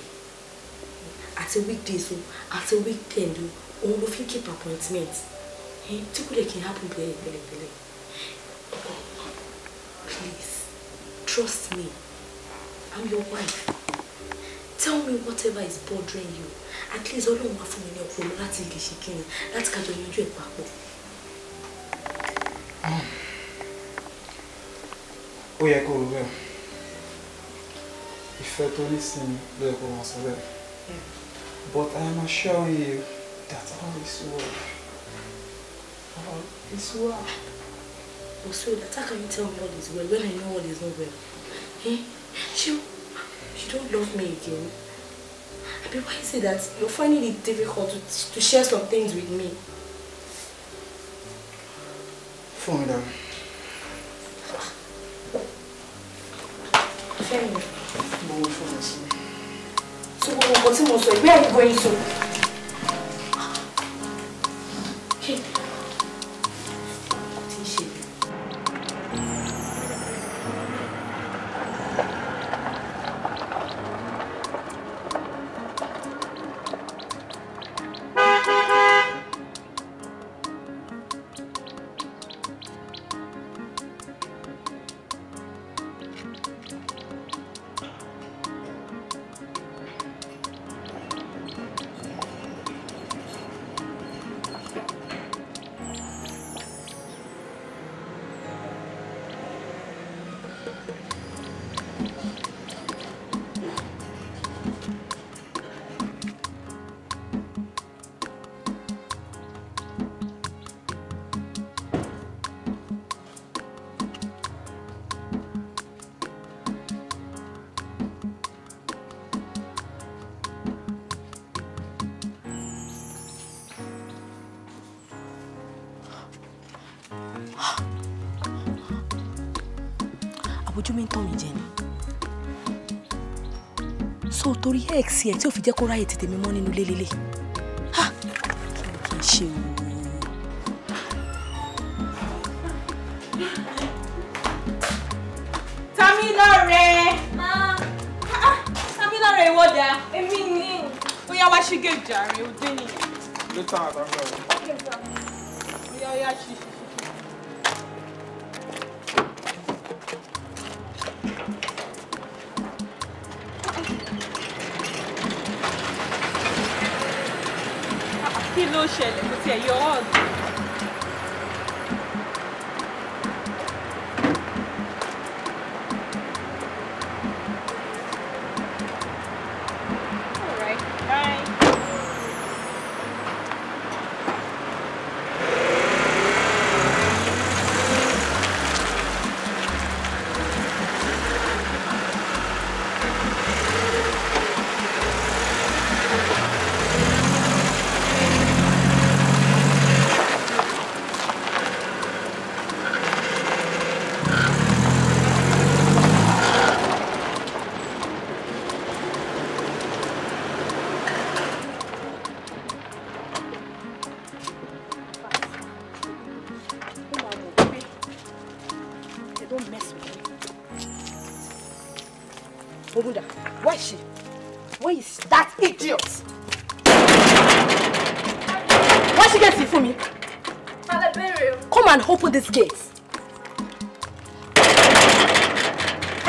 Àti weekdays At àti weekend o, òun ló fi keep appointments. Eh, tí to lè kí can happen bẹ́ẹ̀ bẹ́ẹ̀ bẹ́ẹ̀. Please, trust me. I'm your wife tell me whatever is bothering you at least all of fún mi ní ọpọlọ láti lè ṣe kíni That's kájọ yanjú ẹ̀ papọ̀. ó Oh yeah, go bẹ́ẹ̀ If I ní sí mi ló yẹ kó o máa but I am assuring you that all is well all is well. Osuoda, how can you tell me all is well when I know all is not well? Hey, eh? Ṣé you don't love me again? Abi. why is it that you're finding it difficult to, to share some things with me? Fonda. Femi. So, what are you going to? ojú mi ń tàn mí jẹ ni so torí ex ẹ tí ò fi jẹ́ kó ráyè tètè mi mọ́ nínú lélele ha kí n ṣe o. Tamilore. Ma. Ah, ah! Tamilore ìwọ dà. Èmi ni. Ó yá wá ṣígè jàre, òde ni. Ló tán àtàwọn ọ̀rọ̀. Ó yá ó yá ṣíṣe. você é iodo.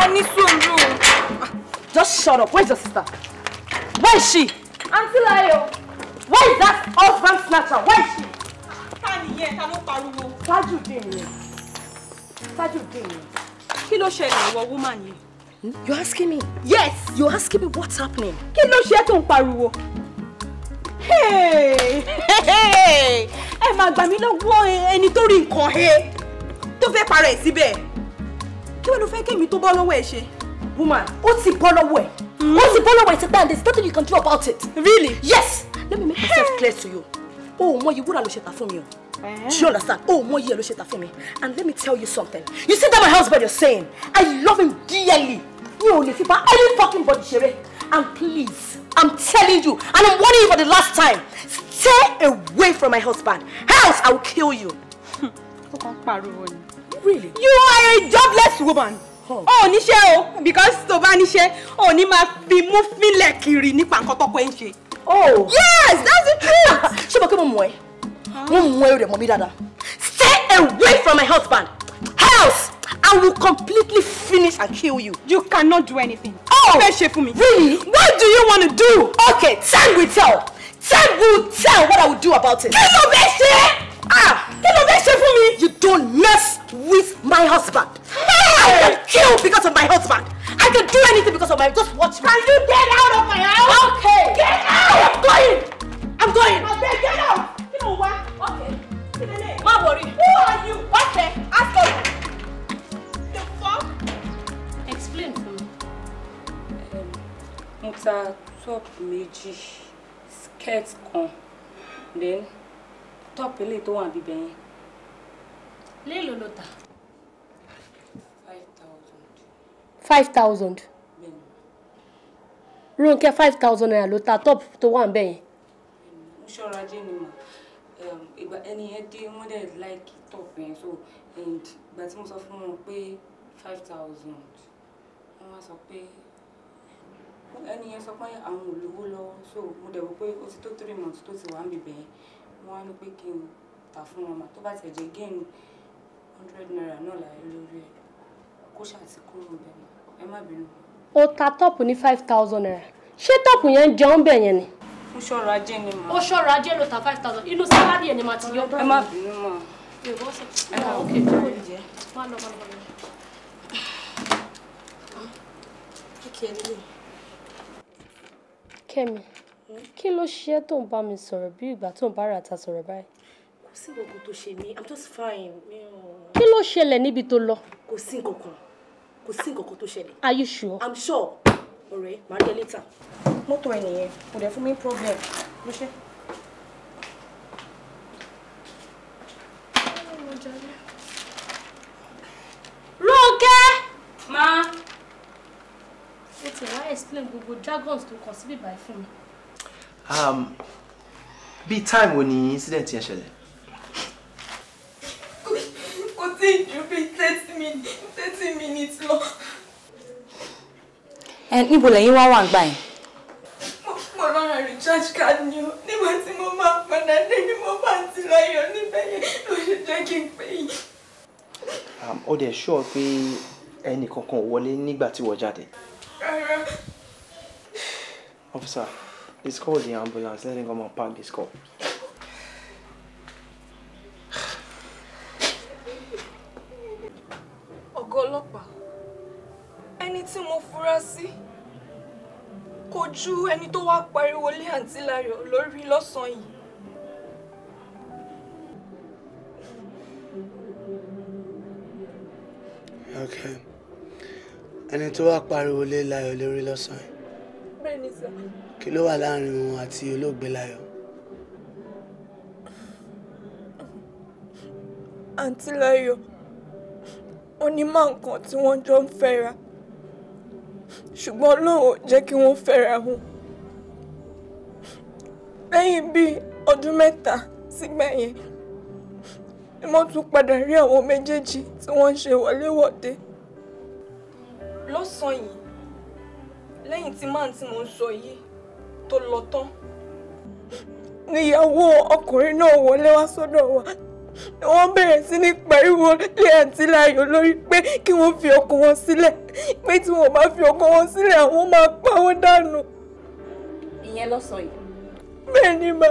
Any soon room. Just shut up. Where's your sister? Where is she? Auntie Layo. Where is that husband snatcher? Where is she? Tajudeen ni. Tajudeen ni. Kí ló share ìwọ woman yìí? Hmm? You're asking me? Yes. You're asking me what's happening? Kí ló ṣe tó ń Hey. Hey. máa gbà mí lọ́wọ́ ẹni tó rí nǹkan he tó fẹ́ parẹ́ síbẹ̀ kí wọ́n ló fẹ́ kémi tó bọ́ lọ́wọ́ ẹ̀ ṣe. woman ó ti bọ́ lọ́wọ́ ẹ̀. Hmm. ó ti bọ́ lọ́wọ́ ẹ̀ ti pẹ́ and there's nothing you can do about it. really yes let me make myself clear to you o ò mọyì wúrà ló ṣe tà fún mi o eh? do you understand o ò mọyì ẹ ló ṣe tà fún mi and let me tell you something you see that my husband you're saying i love him dearly mi ò lè fi bá any fucking body ṣeré and please i'm telling you and i'm warning you for the last time stay away from my husband else i will kill you. [laughs] ó kàn ń pariwo ni. Really? You are a jobless woman. Ó oh, níṣẹ́ o because tó bá níṣẹ́ ó ní máa fi mú fílẹ̀ kiri nípa nǹkan tọ́kọ ẹ̀ ń ṣe. Oh. Yes, that's the truth. [laughs] Ṣé mo kí mo mọ̀ ẹ́? Mo mọ̀ ẹ́ o rẹ̀ mọ̀ dáadáa. Stay away from my husband. House. I will completely finish and kill you. You cannot do anything. Oh, really? What do you want to do? Okay, time will tell. Time will tell what I will do about it. Kí ló fẹ́ ṣe? ah can ló fẹ́ for me? you don't mess with my husband. Hey! I can kill because of my husband. I can do anything because of my just watch me. Can you get out of my house? Okay. Get out. I'm going. I'm going. Okay, get out. Kí ló wá? Okay. Who are you? Okay, ask her. The fuck? Explain for me. Um, mo ta top méjì, skirt kan, then top ilé tó wà bíbẹ̀ yẹn. léèlò ló tà. five thousand. five thousand. Rónkẹ́ five thousand naira ló ta top tó wà ń bẹ̀ yẹn. mo ṣọ́ra ajé ni mà ìgbà ẹni yẹn dé wọ́n like top yẹn so and ìgbà tí mo sọ fún wọn pé five thousand wọ́n wá sọ pé ẹni yẹn sọ pé àwọn olówó lọ́wọ́ so mo dẹ̀ wò pé ó ti tó three months tó ti wà ń bìbẹ̀ yẹn wọ́n á ló pé kí n tà fún wọn mà tó bá tẹ̀ jẹ́ hundred naira náà láyé lórí ẹ̀ kó ṣàti kúrò bẹ́ẹ̀ mà ẹ má bínú. ó ta tọ́pù ní five thousand naira ṣé tọ́pù yẹn ń jẹun bẹ̀ yẹn ni. ó ṣọ́rọ̀ ajé ni mà. ó ṣọ́rọ̀ ajé ló ta five thousand inú sáláàdì ẹ̀ ni mà ti yọ. ẹ má bínú mà. ẹ má bínú mà. Kẹ́mi kí ló ṣe tó ń bá mi sọ̀rọ̀ bí ìgbà tó ń bá ara ta sọ̀rọ̀ báyìí. kò sí nǹkan tó ṣe mí i'm just fine. kí ló ṣẹlẹ̀ níbi tó lọ. kò sí nǹkan kan kò sí nǹkan kan tó ṣẹlẹ̀. are you sure. i'm sure ọ̀rẹ́ màá dé létà. mọ́tò ẹ nìyẹn kò dẹ̀ fún mi problem ló ṣe. Rónkẹ́. ma. o ti wá explain gbogbo dragons tó kàn síbí báyìí fún mi um, bíi time wo ni incident yẹn ṣẹlẹ̀. kò tí ì ju bíi thirty minutes thirty minutes lọ. ẹ níbo lẹ́yìn wá wà ń gbà yẹn. mo lọ́ra recharge card ni o nígbà tí mo máa padà dé ni mo bá ti láyọ̀ níbẹ̀ yẹn ló ṣe jẹ́ kí n pè yín. Um, ó dẹ̀ sọ pé ẹnì kankan wọlé nígbà tí wọ́n jáde. rárá. officer It's called the ambulance. Let him come and pack this cup. Ọ̀gá Anything more for mo fura sí kò ju ẹni tó wá pariwo lé àǹtí Láyọ̀ lórí lọ́sàn-án yìí. Okay. Ẹni tó wá pariwo lé Láyọ̀ lórí lọ́sàn-án yìí kí ló wà láàrin wọn àti olóògbé Láyọ̀. àǹtí Láyọ̀ onímọ̀ nǹkan tí wọ́n jọ ń fẹ́ra ṣùgbọ́n Ọlọ́run ò jẹ́ kí wọ́n fẹ́ra hùn lẹ́yìn bíi ọdún mẹ́ta sígbà yẹn ni wọ́n tún padà rí àwọn méjèèjì tí wọ́n ń ṣe wọléwọ̀de lọ́sàn-án yìí lẹ́yìn tí máà tí mò ń sọ yìí tó lọ tán níyàwó ọkùnrin náà wọlé wá sọ́dọ̀ wa wọ́n bẹ̀rẹ̀ sí ní pariwo lé àǹtí láyò lórí pé kí wọ́n fi ọkọ wọn sílẹ̀ pé tí wọ́n bá fi ọkọ wọn sílẹ̀ àwọn máa pa wọ́n dànù. ìyẹn ló sọ yìí. bẹ́ẹ̀ ni mà.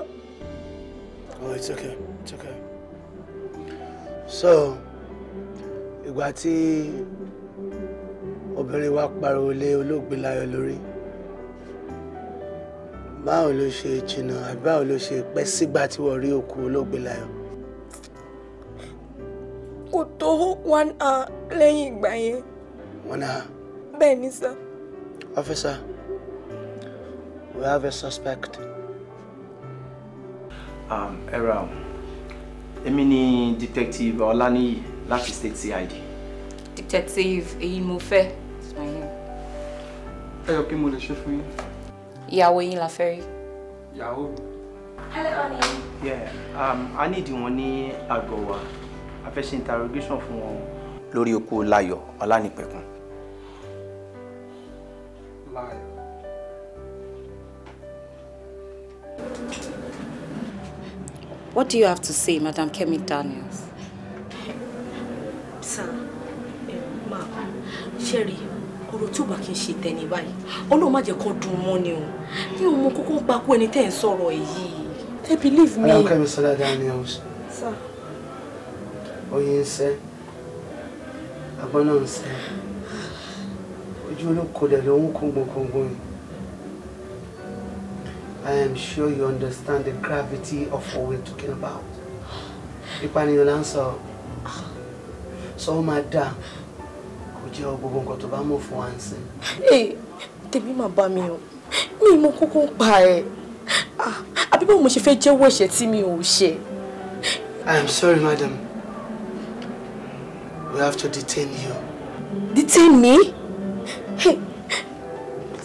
oh it's okay it's okay so ìgbà tí. Mm obìnrin wa pariwo lé olóògbé Láyọ̀ lórí báwo ló ṣe jìnnà àbí báwo ló ṣe pẹ́ sígbà tí wọ́n rí òkú olóògbé Láyọ̀. kò tó one hour lẹ́yìn ìgbà yẹn. one hour. bẹ́ẹ̀ ni sir. officer we have a suspect. Um, ẹ ra o èmi ni detective Ọláníyì láti state CID. detective èyí mo fẹ́ ẹ yọ kí mo lè ṣe fún yín. ìyàwó yín la fẹ́ rí. ìyàwó mi. hello honey. yeah um, a need wọn ní àgọ́ wa a fẹ́ ṣe interrogation fún wọn. lórí okú Láyọ̀ Ọlánìpẹ̀kun. Láyọ̀. What do you have to say, Madam Kemi Daniels? Sir, eh, Ma'am, Sherry, ọ̀rọ̀ tí ò bá kí n ṣe tẹ̀ni báyìí ọlọ́run má jẹ́ kó dùn mọ́ ni o ní ọmọ kókó ń pakú ẹni tẹ́ ń sọ̀rọ̀ yìí ẹ believe me. aláǹkà mi sọ́dá daniels oyin ń sẹ́ agbọ́n ń sẹ́ ojú olóko dẹ̀ ló ń kóngbóngbóngbó yìí I am sure you understand the gravity of what we're talking about. ìpànìyàn là ń sọ sọ ó máa dáa jẹ́ gbogbo nǹkan tó bá mọ̀ fún wa ń sìn. ee tèmi máa bá mi o mi mọ kókó ń pa ẹ ah, àbí báwo mo ṣe fẹ́ jẹ́wọ́ ẹ̀ṣẹ̀ tí mi ò ṣe. I am sorry madam we have to detain you. detain me? Hey.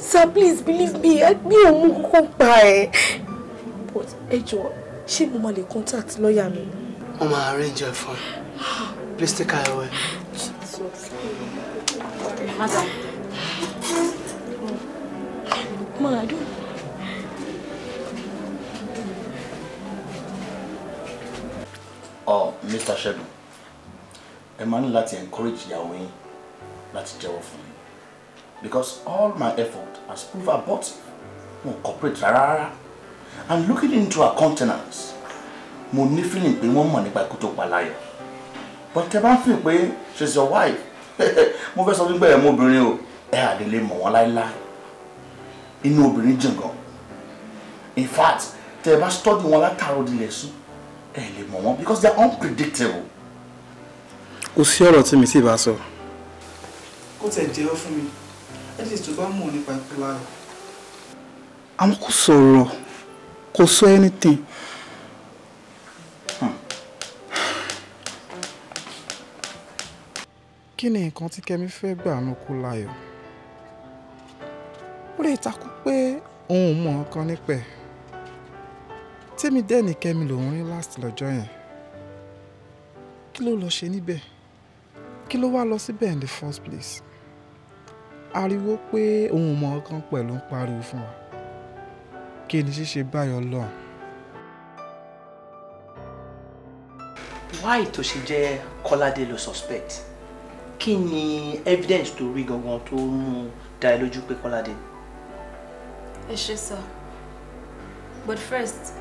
sir please believe me eh, mi ò mú kókó ń pa ẹ. but ẹ jọ ṣé mo máa lè contact lọ́ọ̀yà mi. mo máa arrange ẹ fún ẹ ah. please take her away. Madam. Madam. Oh, Mr. Shebu, ẹ máa ní encourage ìyàwó yín láti jẹ́wọ́ fún because all my effort has proved abortive. Mo corporate rárá and looking into her countenance, mo ní feeling pé wọ́n mọ̀ nípa ikú tó But ẹ bá fi pé she's your wife [laughs] mo fẹ́ sọ nígbà ẹ̀ mú obìnrin o ẹ àdélé mọ̀ wọ́n láíláí inú obìnrin jìn gan in fact tẹ ẹ bá study wọn látàrọ dilẹ̀ sùn ẹ lè mọ̀ wọ́n because they are unpredictable. kò sí ọ̀rọ̀ tí mi sì bá sọ. kó tẹ̀ jẹ́ ọ fún mi ẹ̀sìn tó bá mọ̀ nípa ìpínlẹ̀ rẹ̀. àwọn kò sọ̀rọ̀ kò sọ anything kí ni nǹkan tí kẹ́mi fẹ́ gbà ní Kúnláyọ̀ ó lè takú pé òun mọ̀ nǹkan nípẹ̀ tèmi dẹ́ ni lòún rí last lọ́jọ́ yẹn kí ló lọ ṣe níbẹ̀ kí ló wá lọ síbẹ̀ in the first place ariwo pé òun mọ̀ nǹkan pẹ̀lú ń pariwo fún wa kí ni ṣíṣe báyọ̀ lọ́hùn. why tó ṣe jẹ́ Kọ́ládé ló suspect kí ni evidence tó rí gangan tó mú un dá ẹ lójú pé Kọ́ládé. ẹ ṣe sọ but first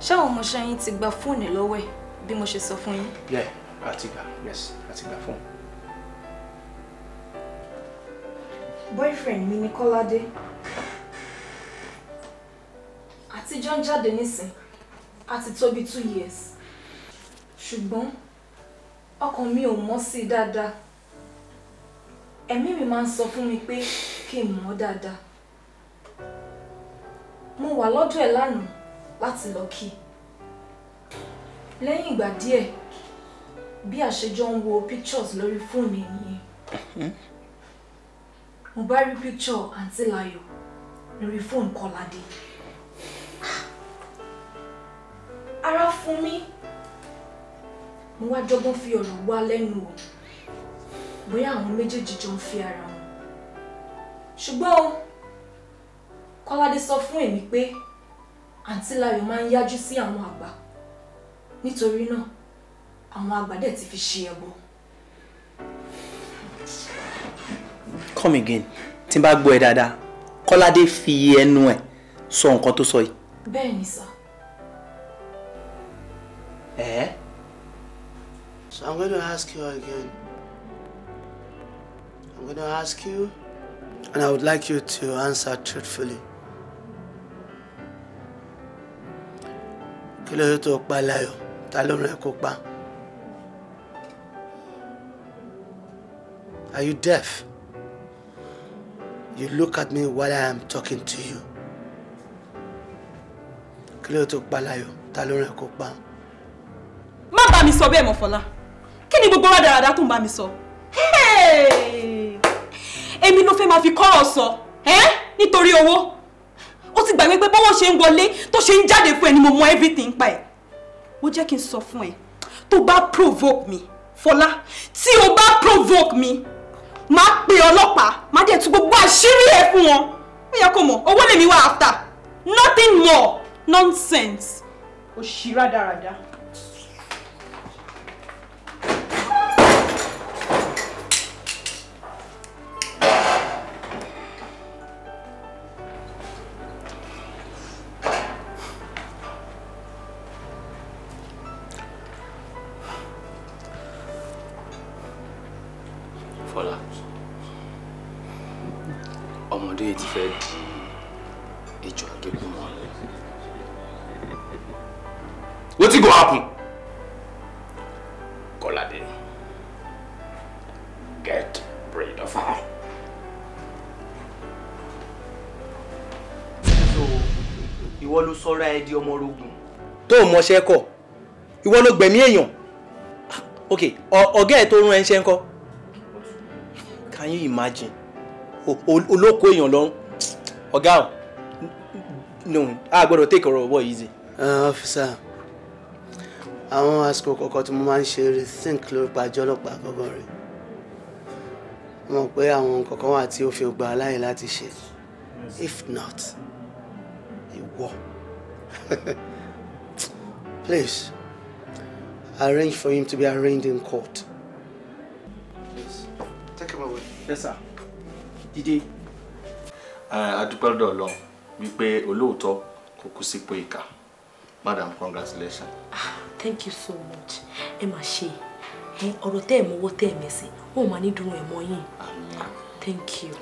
ṣé àwọn ọmọọṣẹ́ yín ti gba fóònù lọ́wọ́ ẹ̀ bí mo ṣe sọ fún yín. yeah àti gbà yes àti gbà fóònù. boyfriend mi ni Kọ́ládé àtijọ́ ń jáde nísìn àti tó two years ṣùgbọ́n ọkàn mi ò mọ́ sí dáadáa ẹ̀mí mi máa ń sọ fún mi pé kí n mọ̀ ọ́ dáadáa mo wà lọ́dọ̀ ẹ̀ lánàá láti lọ kí lẹ́yìn ìgbà díẹ̀ bí àṣejọ ń wo pictures lórí fóònù nìyẹn mm-hmm. mo bá rí picture àǹtí Láyọ̀ lórí fóònù Kọ́ládé ara fún mi mo wá jọgbọ́n fi ọ̀rọ̀ wá lẹ́nu o bóyá àwọn méjèèjì jọ ń fi ara wọn ṣùgbọ́n o Kọ́ládé sọ fún èmi pé àǹtí Láyọ̀ máa ń yájú sí àwọn àgbà nítorí náà àwọn àgbà dẹ̀ ti fi ṣe ẹbọ. come again tí n bá gbọ́ ẹ dáadáa Kọ́ládé fi ẹnu ẹ̀ sọ nǹkan tó sọ yìí. bẹ́ẹ̀ ni sà. ẹ. so i'm going to ask you again. I'm going to ask you, and I would like you to answer truthfully. Kí ló yẹ tó pa Láyọ̀? Ta ló rán kó pa? Are you deaf? You look at me while I am talking to you. Kí ló yẹ tó pa Láyọ̀? Ta ló rán ẹ kó pa? Má bá mi sọ bẹ́ẹ̀ mọ́ Kí ni gbogbo wa dáradára tó ń bá mi sọ? So? èmi ló fẹ́ máa fi kọ́rọ̀ sọ nítorí owó ó ti gbàgbé pé bọ́wọ́ ṣe ń wọlé tó ṣe ń jáde fún ẹ ni mo mọ everything pa ẹ̀ ó jẹ́ kí n sọ fún ẹ tó bá provoke mi Fọlá tí o bá provoke mi máa pe ọlọ́pàá máa dẹ̀ tú gbogbo àṣírí ẹ fún wọn ó yẹ kó mọ̀ owó lèmi wà after nothing more nonsense òṣì rádaràda. breed of her. so ìwọ ló sọra ẹ di ọmọ orogun. tó o mọṣẹ́ kọ̀ ìwọ ló gbẹ̀mí èèyàn ok ọ̀gá ẹ̀ tó rún ẹ ń ṣe can you imagine olóko èèyàn lọ́rùn ọ̀gá ọ̀ no a gbọ́dọ̀ take ọ̀rọ̀ ọ̀wọ́ yìí. officer àwọn àsìkò kọ̀ọ̀kan tí mo máa ń ṣe rethink lórí pàjọ́ ọlọ́pàá gbọ́ngàn rẹ̀ mọ̀ pé àwọn kankan wà tí ó fi gba aláyè láti ṣe if not ìwọ [laughs] please arrange for him to be arraigned in court. please take him away. yes sir dídé. adúpẹ́ lọ́dọ̀ ọlọ́run wípé olóòótọ́ kò kú sípò madam congratulations. Ah, thank you so much ẹ máa ọ̀rọ̀ tẹ́ ẹ̀ mọ́wọ́ tẹ́ ẹ̀ mẹ́sìn ó máa ní dùn ẹ̀ mọ́ yín thank you.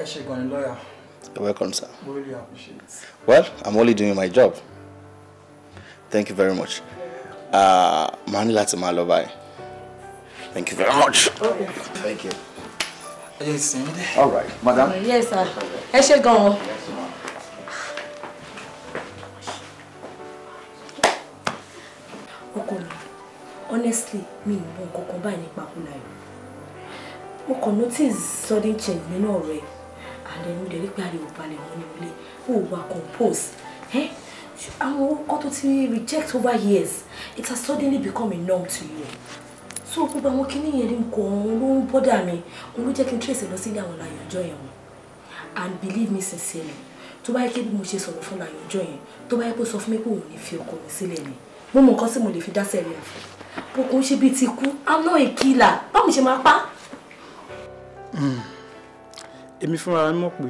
ẹ ṣe gan ni lọ́yà. You're welcome, sir. We really appreciate Well, I'm only doing my job. Thank you very much. Uh, ní láti máa lọ báyìí. Thank you very much. Okay. Thank you. Yes, All right, madam. Yes, sir. Ẹ ṣé gan-an. honestly mi ò mọ nǹkan kan báyìí nípa Kúnláyọ̀ mo kàn notice sudden change nínú ọ̀rọ̀ ẹ̀ and then mo dẹ̀ rí pé ariwo balẹ̀ mọ́ ní ilé ó wà compose àwọn orúkọ tó ti reject over years it has suddenly become a norm to you so gbogbo àwọn kinní yẹn ní nǹkan òun ló ń bọ́dà mi òun ló jẹ́ kí n trace lọ sílé àwọn Láyọ̀ ọjọ́ yẹn wọn and believe me sincerely tó bá yẹ kí mo ṣe sọ̀rọ̀ fún Láyọ̀ ọjọ́ yẹn tó bá yẹ kó sọ fún mi pé òun ní fi ọkọ mi sílẹ̀ ni mo mọ nǹkan tí mo lè fi dá sẹ́yìn fún bó kò ń ti kú i'm not a killer báwo ṣe máa pa. Hmm. èmi fúnra mi mọ̀ pé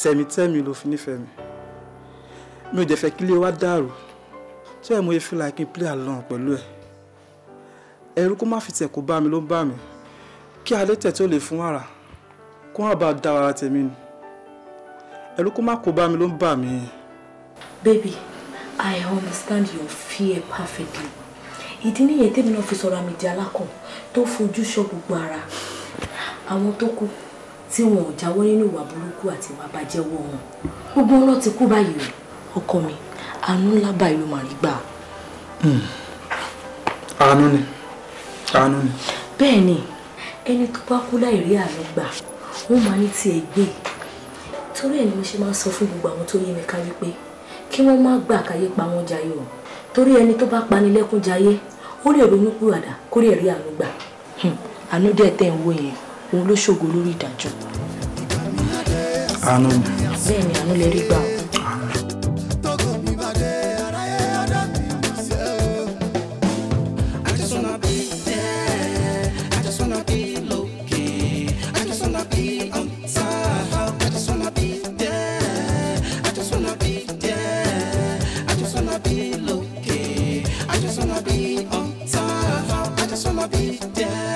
tẹ̀mítẹ̀mí ló fi nífẹ̀ẹ́ mi mi ò dẹ̀ fẹ́ kí wa dàrú tí ẹ̀ mo feel like play along pẹ̀lú ẹ̀ ẹ̀rù kó má fi tẹ̀ kó bá mi ló bá mi kí alẹ́ tẹ̀ tó lè fún wàrà kó má bàa dá wàrà tèmi ni ẹ̀rù kó má kó bá mi ló ń bà baby i understand your fear perfectly ìdí nìyẹn tèmi náà fi sọ̀rọ̀ àmì ìdí alákàn tó fojú sọ gbogbo ara àwọn tó kù tí wọn ò jáwọ́ nínú ìwà burúkú àti ìwà bàjẹ́wọ́ wọn gbogbo wọn ti kú báyìí o ọkọ mi àánú ńlá báyìí ló mà rí gbà. Hmm. àánú ni àánú ni. bẹ́ẹ̀ ni ẹni tó bá kú láì rí àánú gbà wọ́n máa ní tiẹ̀ gbé torí ẹ̀ ni mo ṣe máa ń sọ fún gbogbo àwọn tó yé mi ká wípé kí wọ́n má gbà káyé pa wọ́n jayé o torí ẹni tó bá panilẹ́kún jayé ó lè ronú pìwàdà kó lè rí àánú gbà hmm, àánú dẹ̀ tẹ̀ ń wò yẹn òun ló ṣògo lórí ìdájọ́. àánú bẹ́ẹ̀ àánú lè rí gbà ó. be dead.